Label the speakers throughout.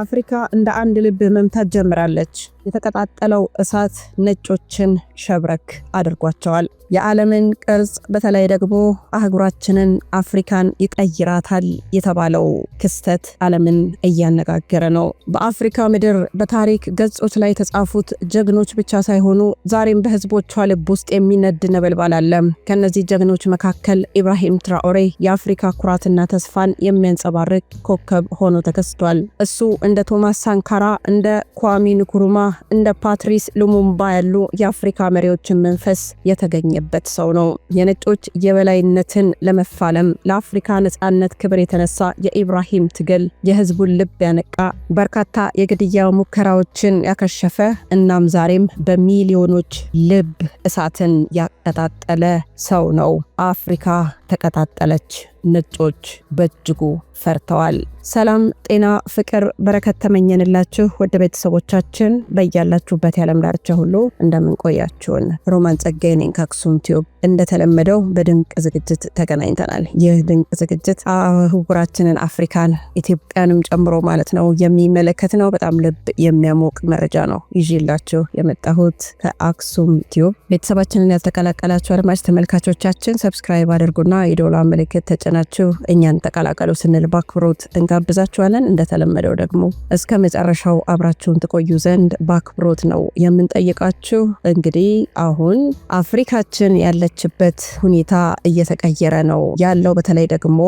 Speaker 1: አፍሪካ እንደ አንድ ልብ መምታት ጀምራለች። የተቀጣጠለው እሳት ነጮችን ሸብረክ አድርጓቸዋል። የዓለምን ቅርጽ በተለይ ደግሞ አህጉራችንን አፍሪካን ይቀይራታል የተባለው ክስተት ዓለምን እያነጋገረ ነው። በአፍሪካ ምድር በታሪክ ገጾች ላይ የተጻፉት ጀግኖች ብቻ ሳይሆኑ ዛሬም በህዝቦቿ ልብ ውስጥ የሚነድ ነበልባል አለ። ከእነዚህ ጀግኖች መካከል ኢብራሂም ትራኦሬ የአፍሪካ ኩራትና ተስፋን የሚያንጸባርቅ ኮከብ ሆኖ ተከስቷል። እሱ እንደ ቶማስ ሳንካራ፣ እንደ ኳሚ ንኩሩማ፣ እንደ ፓትሪስ ሉሙምባ ያሉ የአፍሪካ መሪዎችን መንፈስ የተገኘበት ሰው ነው። የነጮች የበላይነትን ለመፋለም ለአፍሪካ ነጻነት ክብር የተነሳ የኢብራሂም ትግል የህዝቡን ልብ ያነቃ፣ በርካታ የግድያ ሙከራዎችን ያከሸፈ እናም ዛሬም በሚሊዮኖች ልብ እሳትን ያቀጣጠለ ሰው ነው። አፍሪካ ተቀጣጠለች። ነጮች በእጅጉ ፈርተዋል። ሰላም፣ ጤና፣ ፍቅር፣ በረከት ተመኘንላችሁ ወደ ቤተሰቦቻችን በያላችሁበት የዓለም ዳርቻ ሁሉ እንደምንቆያችሁን ሮማን ጸጋዬ ነኝ ከአክሱም ቲዩብ። እንደተለመደው በድንቅ ዝግጅት ተገናኝተናል። ይህ ድንቅ ዝግጅት አህጉራችንን አፍሪካን፣ ኢትዮጵያንም ጨምሮ ማለት ነው የሚመለከት ነው። በጣም ልብ የሚያሞቅ መረጃ ነው ይዤላችሁ የመጣሁት ከአክሱም ቲዩብ። ቤተሰባችንን ያልተቀላቀላችሁ አድማጭ ተመልካቾቻችን ሰብስክራይብ አድርጉና የዶላ ምልክት ተጭናችሁ እኛን ተቀላቀሉ ስንል በአክብሮት እንጋብዛችኋለን። እንደተለመደው ደግሞ እስከ መጨረሻው አብራችሁን ትቆዩ ዘንድ በአክብሮት ነው የምንጠይቃችሁ። እንግዲህ አሁን አፍሪካችን ያለችበት ሁኔታ እየተቀየረ ነው ያለው። በተለይ ደግሞ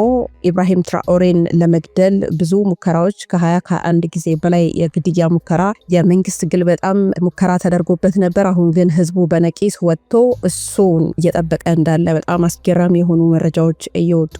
Speaker 1: ኢብራሂም ትራኦሬን ለመግደል ብዙ ሙከራዎች ከ20 ከ21 ጊዜ በላይ የግድያ ሙከራ የመንግስት ግልበጣም ሙከራ ተደርጎበት ነበር። አሁን ግን ህዝቡ በነቂስ ወጥቶ እሱን እየጠበቀ እንዳለ በጣም በጣም አስገራሚ የሆኑ መረጃዎች እየወጡ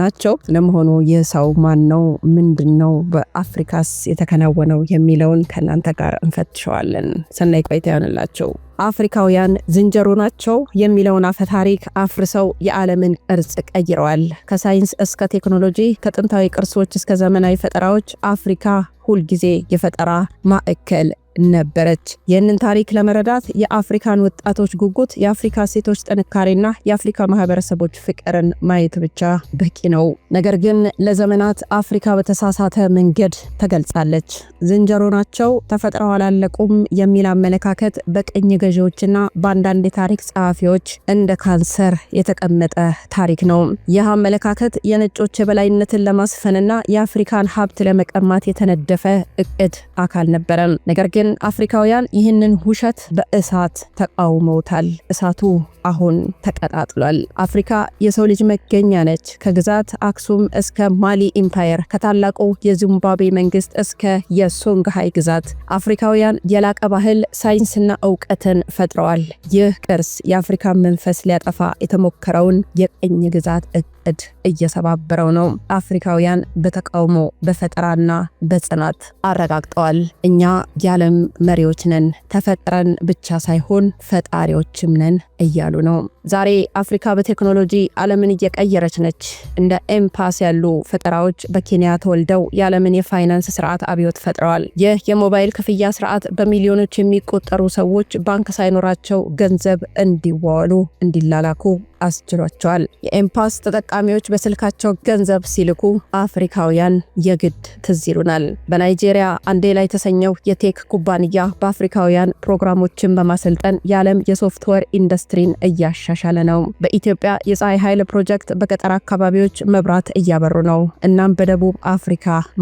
Speaker 1: ናቸው። ለመሆኑ ይህ ሰው ማን ነው? ምንድን ነው? በአፍሪካስ የተከናወነው የሚለውን ከእናንተ ጋር እንፈትሸዋለን። ሰናይ ቆይታ ይሆንላቸው። አፍሪካውያን ዝንጀሮ ናቸው የሚለውን አፈታሪክ አፍርሰው የዓለምን ቅርጽ ቀይረዋል። ከሳይንስ እስከ ቴክኖሎጂ፣ ከጥንታዊ ቅርሶች እስከ ዘመናዊ ፈጠራዎች አፍሪካ ሁልጊዜ የፈጠራ ማዕከል ነበረች። ይህንን ታሪክ ለመረዳት የአፍሪካን ወጣቶች ጉጉት፣ የአፍሪካ ሴቶች ጥንካሬና የአፍሪካ ማህበረሰቦች ፍቅርን ማየት ብቻ በቂ ነው። ነገር ግን ለዘመናት አፍሪካ በተሳሳተ መንገድ ተገልጻለች። ዝንጀሮ ናቸው፣ ተፈጥረው አላለቁም የሚል አመለካከት በቅኝ ገዢዎችና በአንዳንድ የታሪክ ጸሐፊዎች እንደ ካንሰር የተቀመጠ ታሪክ ነው። ይህ አመለካከት የነጮች የበላይነትን ለማስፈንና የአፍሪካን ሀብት ለመቀማት የተነደፈ እቅድ አካል ነበረ። ነገር ግን ግን አፍሪካውያን ይህንን ውሸት በእሳት ተቃውመውታል። እሳቱ አሁን ተቀጣጥሏል። አፍሪካ የሰው ልጅ መገኛ ነች። ከግዛት አክሱም እስከ ማሊ ኢምፓየር፣ ከታላቁ የዚምባብዌ መንግስት እስከ የሶንግሃይ ግዛት አፍሪካውያን የላቀ ባህል፣ ሳይንስና እውቀትን ፈጥረዋል። ይህ ቅርስ የአፍሪካ መንፈስ ሊያጠፋ የተሞከረውን የቅኝ ግዛት እቅድ እየሰባበረው ነው። አፍሪካውያን በተቃውሞ በፈጠራና በጽናት አረጋግጠዋል። እኛ የዓለም መሪዎች ነን፣ ተፈጥረን ብቻ ሳይሆን ፈጣሪዎችም ነን እያሉ ነው። ዛሬ አፍሪካ በቴክኖሎጂ ዓለምን እየቀየረች ነች። እንደ ኤምፓስ ያሉ ፈጠራዎች በኬንያ ተወልደው የዓለምን የፋይናንስ ስርዓት አብዮት ፈጥረዋል። ይህ የሞባይል ክፍያ ስርዓት በሚሊዮኖች የሚቆጠሩ ሰዎች ባንክ ሳይኖራቸው ገንዘብ እንዲዋዋሉ፣ እንዲላላኩ አስችሏቸዋል። የኤምፓስ ተጠቃሚዎች በስልካቸው ገንዘብ ሲልኩ አፍሪካውያን የግድ ትዝ ይሉናል። በናይጄሪያ አንዴላ የተሰኘው የቴክ ኩባንያ በአፍሪካውያን ፕሮግራሞችን በማሰልጠን የዓለም የሶፍትዌር ኢንዱስትሪን እያሻሻለ ነው። በኢትዮጵያ የፀሐይ ኃይል ፕሮጀክት በገጠር አካባቢዎች መብራት እያበሩ ነው። እናም በደቡብ አፍሪካ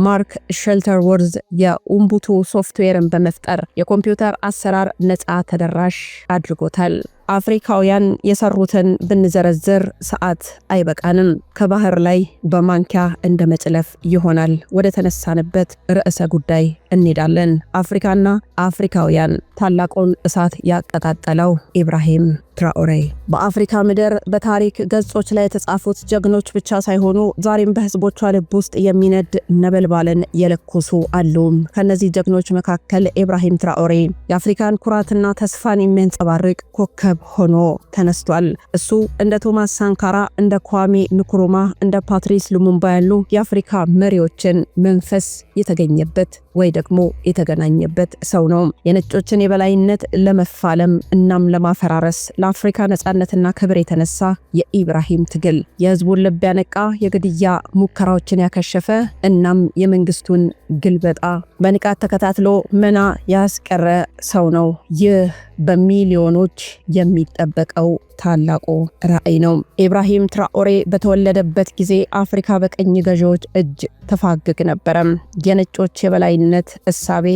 Speaker 1: ማርክ ሸልተር ወርዝ የኡምቡቱ ሶፍትዌርን በመፍጠር የኮምፒውተር አሰራር ነፃ ተደራሽ አድርጎታል። አፍሪካውያን የሰሩትን ብንዘረዝር ሰዓት አይበቃንም። ከባህር ላይ በማንኪያ እንደ መጭለፍ ይሆናል። ወደ ተነሳንበት ርዕሰ ጉዳይ እንሄዳለን። አፍሪካና አፍሪካውያን ታላቁን እሳት ያቀጣጠለው ኢብራሂም ትራኦሬ በአፍሪካ ምድር በታሪክ ገጾች ላይ የተጻፉት ጀግኖች ብቻ ሳይሆኑ ዛሬም በህዝቦቿ ልብ ውስጥ የሚነድ ነበልባልን የለኮሱ አሉ። ከነዚህ ጀግኖች መካከል ኢብራሂም ትራኦሬ የአፍሪካን ኩራትና ተስፋን የሚያንጸባርቅ ኮከብ ሆኖ ተነስቷል። እሱ እንደ ቶማስ ሳንካራ፣ እንደ ኳሜ ንኩሩማ፣ እንደ ፓትሪስ ሉሙምባ ያሉ የአፍሪካ መሪዎችን መንፈስ የተገኘበት ወይ ደግሞ የተገናኘበት ሰው ነው። የነጮችን የበላይነት ለመፋለም እናም ለማፈራረስ ለአፍሪካ ነጻነትና ክብር የተነሳ የኢብራሂም ትግል የህዝቡን ልብ ያነቃ፣ የግድያ ሙከራዎችን ያከሸፈ እናም የመንግስቱን ግልበጣ በንቃት ተከታትሎ መና ያስቀረ ሰው ነው። ይህ በሚሊዮኖች የሚጠበቀው ታላቁ ራዕይ ነው። ኢብራሂም ትራኦሬ በተወለደበት ጊዜ አፍሪካ በቀኝ ገዢዎች እጅ ትፋግግ ነበረም። የነጮች የበላይነት እሳቤ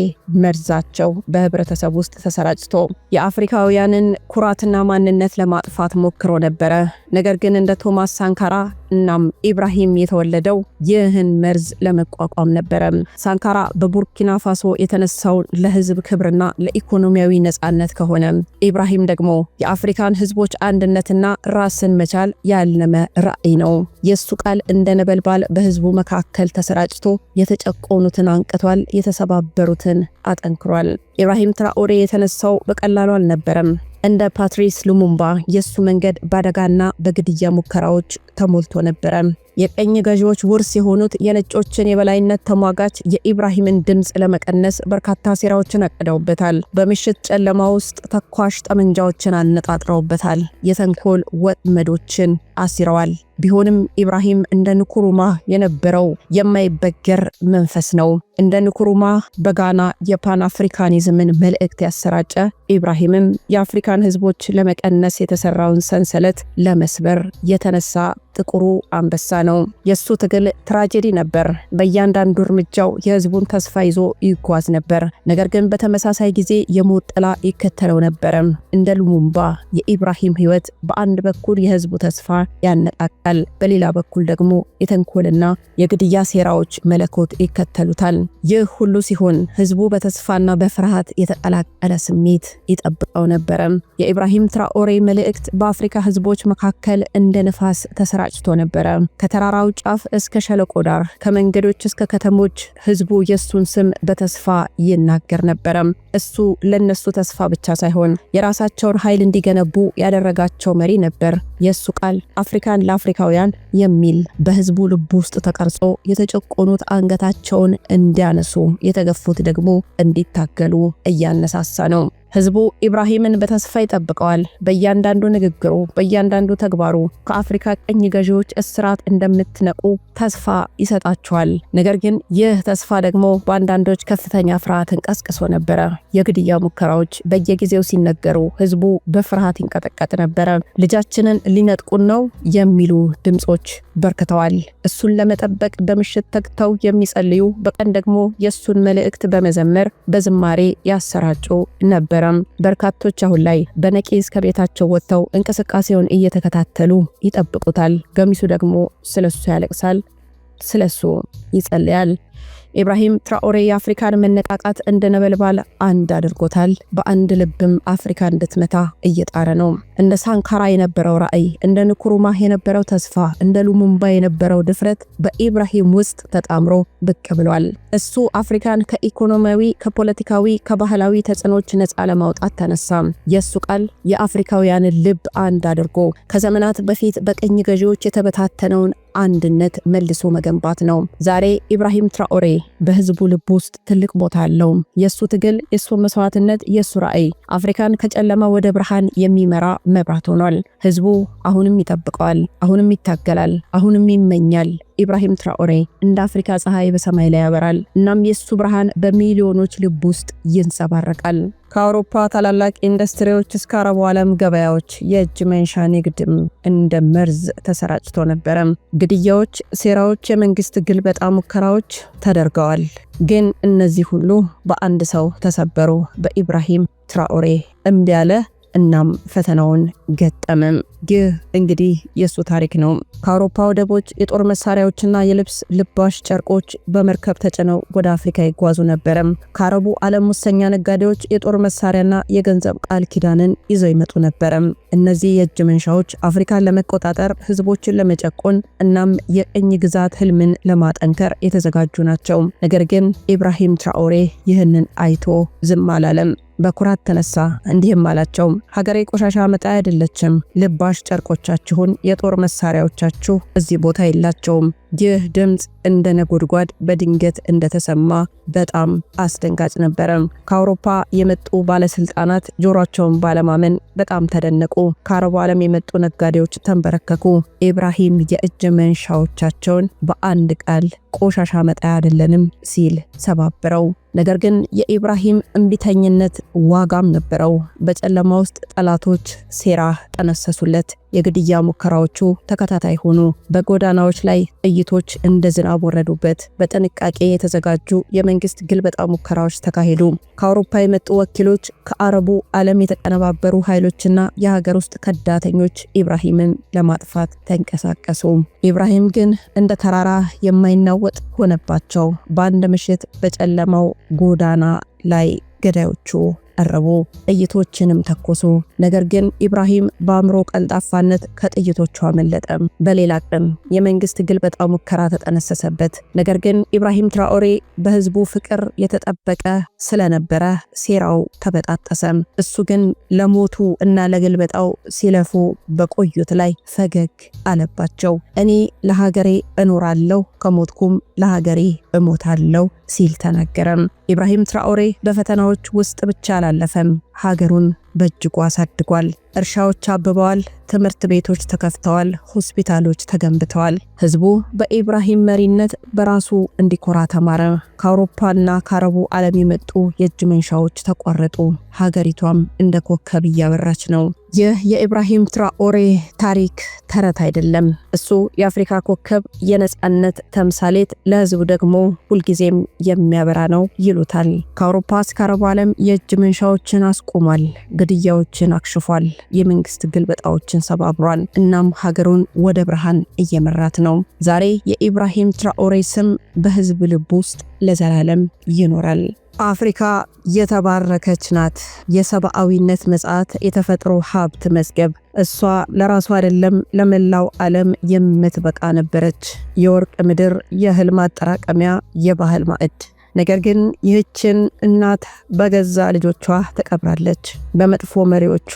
Speaker 1: መርዛቸው በህብረተሰብ ውስጥ ተሰራጭቶ የአፍሪካውያንን ኩራትና ማንነት ለማጥፋት ሞክሮ ነበረ። ነገር ግን እንደ ቶማስ ሳንካራ እናም ኢብራሂም የተወለደው ይህን መርዝ ለመቋቋም ነበረ። ሳንካራ በቡርኪና ፋሶ የተነሳው ለህዝብ ክብርና ለኢኮኖሚያዊ ነፃነት ከሆነ ኢብራሂም ደግሞ የአፍሪካን ህዝቦች አንድነትና ራስን መቻል ያለመ ራዕይ ነው። የእሱ ቃል እንደ ነበልባል በህዝቡ መካከል ተሰራጭቶ የተጨቆኑትን አንቅቷል፣ የተሰባበሩትን አጠንክሯል። ኢብራሂም ትራኦሬ የተነሳው በቀላሉ አልነበረም። እንደ ፓትሪስ ሉሙምባ የእሱ መንገድ በአደጋና በግድያ ሙከራዎች ተሞልቶ ነበረ። የቀኝ ገዢዎች ውርስ የሆኑት የነጮችን የበላይነት ተሟጋች የኢብራሂምን ድምፅ ለመቀነስ በርካታ ሴራዎችን አቅደውበታል። በምሽት ጨለማ ውስጥ ተኳሽ ጠመንጃዎችን አነጣጥረውበታል። የተንኮል ወጥመዶችን አሲረዋል። ቢሆንም ኢብራሂም እንደ ንኩሩማ የነበረው የማይበገር መንፈስ ነው። እንደ ንኩሩማ በጋና የፓን አፍሪካኒዝምን መልእክት ያሰራጨ ኢብራሂምም የአፍሪካን ህዝቦች ለመቀነስ የተሰራውን ሰንሰለት ለመስበር የተነሳ ጥቁሩ አንበሳ ነው። የሱ ትግል ትራጀዲ ነበር። በእያንዳንዱ እርምጃው የህዝቡን ተስፋ ይዞ ይጓዝ ነበር። ነገር ግን በተመሳሳይ ጊዜ የሞት ጥላ ይከተለው ነበረ። እንደ ሉሙምባ የኢብራሂም ህይወት በአንድ በኩል የህዝቡ ተስፋ ያነጣቃል። በሌላ በኩል ደግሞ የተንኮልና የግድያ ሴራዎች መለኮት ይከተሉታል። ይህ ሁሉ ሲሆን ህዝቡ በተስፋና በፍርሃት የተቀላቀለ ስሜት ይጠብቀው ነበረ። የኢብራሂም ትራኦሬ መልእክት በአፍሪካ ህዝቦች መካከል እንደ ነፋስ ተሰራጭቶ ነበረ። ከተራራው ጫፍ እስከ ሸለቆ ዳር፣ ከመንገዶች እስከ ከተሞች ህዝቡ የእሱን ስም በተስፋ ይናገር ነበረ። እሱ ለነሱ ተስፋ ብቻ ሳይሆን የራሳቸውን ኃይል እንዲገነቡ ያደረጋቸው መሪ ነበር። የእሱ ቃል አፍሪካን ለአፍሪካውያን የሚል በህዝቡ ልብ ውስጥ ተቀርጾ የተጨቆኑት አንገታቸውን እንዲያነሱ የተገፉት ደግሞ እንዲታገሉ እያነሳሳ ነው። ህዝቡ ኢብራሂምን በተስፋ ይጠብቀዋል። በእያንዳንዱ ንግግሩ፣ በእያንዳንዱ ተግባሩ ከአፍሪካ ቀኝ ገዢዎች እስራት እንደምትነቁ ተስፋ ይሰጣቸዋል። ነገር ግን ይህ ተስፋ ደግሞ በአንዳንዶች ከፍተኛ ፍርሃትን ቀስቅሶ ነበረ። የግድያ ሙከራዎች በየጊዜው ሲነገሩ ህዝቡ በፍርሃት ይንቀጠቀጥ ነበረ። ልጃችንን ሊነጥቁን ነው የሚሉ ድምጾች በርክተዋል። እሱን ለመጠበቅ በምሽት ተግተው የሚጸልዩ፣ በቀን ደግሞ የእሱን መልእክት በመዘመር በዝማሬ ያሰራጩ ነበር። ነበረም። በርካቶች አሁን ላይ በነቂስ ከቤታቸው ወጥተው እንቅስቃሴውን እየተከታተሉ ይጠብቁታል። ገሚሱ ደግሞ ስለሱ ያለቅሳል፣ ስለሱ ይጸልያል። ኢብራሂም ትራኦሬ የአፍሪካን መነቃቃት እንደ ነበልባል አንድ አድርጎታል። በአንድ ልብም አፍሪካ እንድትመታ እየጣረ ነው። እንደ ሳንካራ የነበረው ራዕይ፣ እንደ ንኩሩማህ የነበረው ተስፋ፣ እንደ ሉሙምባ የነበረው ድፍረት በኢብራሂም ውስጥ ተጣምሮ ብቅ ብሏል። እሱ አፍሪካን ከኢኮኖሚያዊ፣ ከፖለቲካዊ፣ ከባህላዊ ተጽዕኖች ነፃ ለማውጣት ተነሳ። የእሱ ቃል የአፍሪካውያንን ልብ አንድ አድርጎ ከዘመናት በፊት በቅኝ ገዢዎች የተበታተነውን አንድነት መልሶ መገንባት ነው። ዛሬ ኢብራሂም ትራኦሬ በህዝቡ ልብ ውስጥ ትልቅ ቦታ አለው። የእሱ ትግል፣ የእሱ መስዋዕትነት፣ የእሱ ራዕይ አፍሪካን ከጨለማ ወደ ብርሃን የሚመራ መብራት ሆኗል። ህዝቡ አሁንም ይጠብቀዋል፣ አሁንም ይታገላል፣ አሁንም ይመኛል። ኢብራሂም ትራኦሬ እንደ አፍሪካ ፀሐይ በሰማይ ላይ ያበራል። እናም የእሱ ብርሃን በሚሊዮኖች ልብ ውስጥ ይንጸባረቃል። ከአውሮፓ ታላላቅ ኢንዱስትሪዎች እስከ አረቡ ዓለም ገበያዎች የእጅ መንሻ ንግድም እንደ መርዝ ተሰራጭቶ ነበረ። ግድያዎች፣ ሴራዎች፣ የመንግስት ግልበጣ ሙከራዎች ተደርገዋል። ግን እነዚህ ሁሉ በአንድ ሰው ተሰበሩ፣ በኢብራሂም ትራኦሬ እምቢ ያለ እናም ፈተናውን ገጠምም። ይህ እንግዲህ የእሱ ታሪክ ነው። ከአውሮፓ ወደቦች የጦር መሳሪያዎችና የልብስ ልባሽ ጨርቆች በመርከብ ተጭነው ወደ አፍሪካ ይጓዙ ነበረም። ከአረቡ ዓለም ሙሰኛ ነጋዴዎች የጦር መሳሪያና የገንዘብ ቃል ኪዳንን ይዘው ይመጡ ነበረም። እነዚህ የእጅ መንሻዎች አፍሪካን ለመቆጣጠር፣ ህዝቦችን ለመጨቆን እናም የቅኝ ግዛት ህልምን ለማጠንከር የተዘጋጁ ናቸው። ነገር ግን ኢብራሂም ትራኦሬ ይህንን አይቶ ዝም አላለም። በኩራት ተነሳ፣ እንዲህም አላቸው፦ ሀገሬ ቆሻሻ መጣ አይደለችም። ልባሽ ጨርቆቻችሁን፣ የጦር መሳሪያዎቻችሁ እዚህ ቦታ የላቸውም። ይህ ድምፅ እንደ ነጎድጓድ በድንገት እንደተሰማ በጣም አስደንጋጭ ነበረ። ከአውሮፓ የመጡ ባለስልጣናት ጆሯቸውን ባለማመን በጣም ተደነቁ። ከአረቡ ዓለም የመጡ ነጋዴዎች ተንበረከኩ። ኢብራሂም የእጅ መንሻዎቻቸውን በአንድ ቃል ቆሻሻ መጣያ አይደለንም ሲል ሰባብረው። ነገር ግን የኢብራሂም እምቢተኝነት ዋጋም ነበረው። በጨለማ ውስጥ ጠላቶች ሴራ ጠነሰሱለት። የግድያ ሙከራዎቹ ተከታታይ ሆኑ። በጎዳናዎች ላይ ጥይቶች እንደ ዝናብ ወረዱበት። በጥንቃቄ የተዘጋጁ የመንግስት ግልበጣ ሙከራዎች ተካሄዱ። ከአውሮፓ የመጡ ወኪሎች፣ ከአረቡ ዓለም የተቀነባበሩ ኃይሎችና የሀገር ውስጥ ከዳተኞች ኢብራሂምን ለማጥፋት ተንቀሳቀሱ። ኢብራሂም ግን እንደ ተራራ የማይናወ ወጥ ሆነባቸው። በአንድ ምሽት በጨለማው ጎዳና ላይ ገዳዮቹ ቀረቡ፣ ጥይቶችንም ተኮሱ። ነገር ግን ኢብራሂም በአእምሮ ቀልጣፋነት ከጥይቶቹ አመለጠም። በሌላ ቅም የመንግስት ግልበጣ ሙከራ ተጠነሰሰበት። ነገር ግን ኢብራሂም ትራኦሬ በህዝቡ ፍቅር የተጠበቀ ስለነበረ ሴራው ተበጣጠሰ። እሱ ግን ለሞቱ እና ለግልበጣው ሲለፉ በቆዩት ላይ ፈገግ አለባቸው። እኔ ለሀገሬ እኖራለሁ ከሞትኩም ለሀገሬ እሞታለሁ ሲል ተናገረም። ኢብራሂም ትራኦሬ በፈተናዎች ውስጥ ብቻ አላለፈም፣ ሀገሩን በእጅጉ አሳድጓል። እርሻዎች አብበዋል። ትምህርት ቤቶች ተከፍተዋል። ሆስፒታሎች ተገንብተዋል። ህዝቡ በኢብራሂም መሪነት በራሱ እንዲኮራ ተማረ። ከአውሮፓና ከአረቡ ዓለም የመጡ የእጅ መንሻዎች ተቋረጡ። ሀገሪቷም እንደ ኮከብ እያበራች ነው። ይህ የኢብራሂም ትራኦሬ ታሪክ ተረት አይደለም። እሱ የአፍሪካ ኮከብ፣ የነፃነት ተምሳሌት፣ ለህዝቡ ደግሞ ሁልጊዜም የሚያበራ ነው ይሉታል። ከአውሮፓ እስከ አረቡ ዓለም የእጅ መንሻዎችን አስቁሟል። ግድያዎችን አክሽፏል። የመንግስት ግልበጣዎችን ሰባብሯል። እናም ሀገሩን ወደ ብርሃን እየመራት ነው። ዛሬ የኢብራሂም ትራኦሬ ስም በህዝብ ልብ ውስጥ ለዘላለም ይኖራል። አፍሪካ የተባረከች ናት። የሰብአዊነት ምጽአት፣ የተፈጥሮ ሀብት መዝገብ። እሷ ለራሷ አይደለም ለመላው ዓለም የምትበቃ ነበረች። የወርቅ ምድር፣ የእህል ማጠራቀሚያ፣ የባህል ማዕድ ነገር ግን ይህችን እናት በገዛ ልጆቿ ተቀብራለች፣ በመጥፎ መሪዎቿ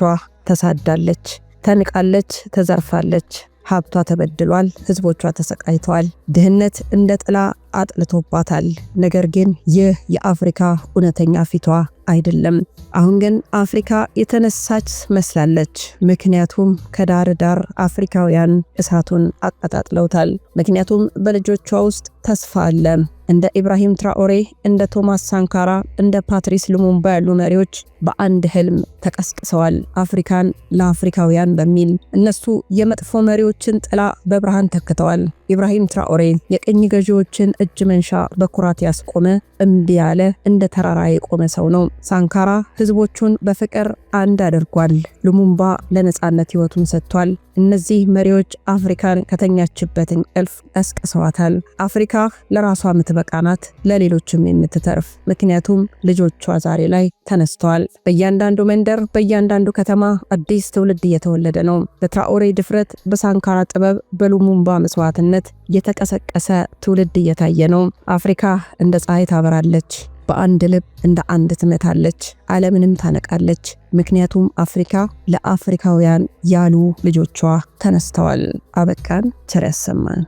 Speaker 1: ተሳዳለች፣ ተንቃለች፣ ተዘርፋለች። ሀብቷ ተበድሏል። ህዝቦቿ ተሰቃይተዋል። ድህነት እንደ ጥላ አጥልቶባታል። ነገር ግን ይህ የአፍሪካ እውነተኛ ፊቷ አይደለም። አሁን ግን አፍሪካ የተነሳች መስላለች። ምክንያቱም ከዳር ዳር አፍሪካውያን እሳቱን አቀጣጥለውታል። ምክንያቱም በልጆቿ ውስጥ ተስፋ አለ። እንደ ኢብራሂም ትራኦሬ፣ እንደ ቶማስ ሳንካራ፣ እንደ ፓትሪስ ሉሙምባ ያሉ መሪዎች በአንድ ህልም ተቀስቅሰዋል። አፍሪካን ለአፍሪካውያን በሚል እነሱ የመጥፎ መሪዎችን ጥላ በብርሃን ተክተዋል። ኢብራሂም ትራኦሬ የቅኝ ገዢዎችን እጅ መንሻ በኩራት ያስቆመ እምቢ ያለ እንደ ተራራ የቆመ ሰው ነው። ሳንካራ ህዝቦቹን በፍቅር አንድ አድርጓል። ሉሙምባ ለነፃነት ህይወቱን ሰጥቷል። እነዚህ መሪዎች አፍሪካን ከተኛችበት እንቅልፍ ቀስቅሰዋታል። አፍሪካ ለራሷ የምትበቃ ናት፣ ለሌሎችም የምትተርፍ ምክንያቱም ልጆቿ ዛሬ ላይ ተነስተዋል። በእያንዳንዱ መንደር፣ በእያንዳንዱ ከተማ አዲስ ትውልድ እየተወለደ ነው። በትራኦሬ ድፍረት፣ በሳንካራ ጥበብ፣ በሉሙምባ መስዋዕትነት የተቀሰቀሰ ትውልድ እየታየ ነው። አፍሪካ እንደ ፀሐይ ታበራለች። በአንድ ልብ እንደ አንድ ትመታለች፣ ዓለምንም ታነቃለች። ምክንያቱም አፍሪካ ለአፍሪካውያን ያሉ ልጆቿ ተነስተዋል። አበቃን። ቸር ያሰማን።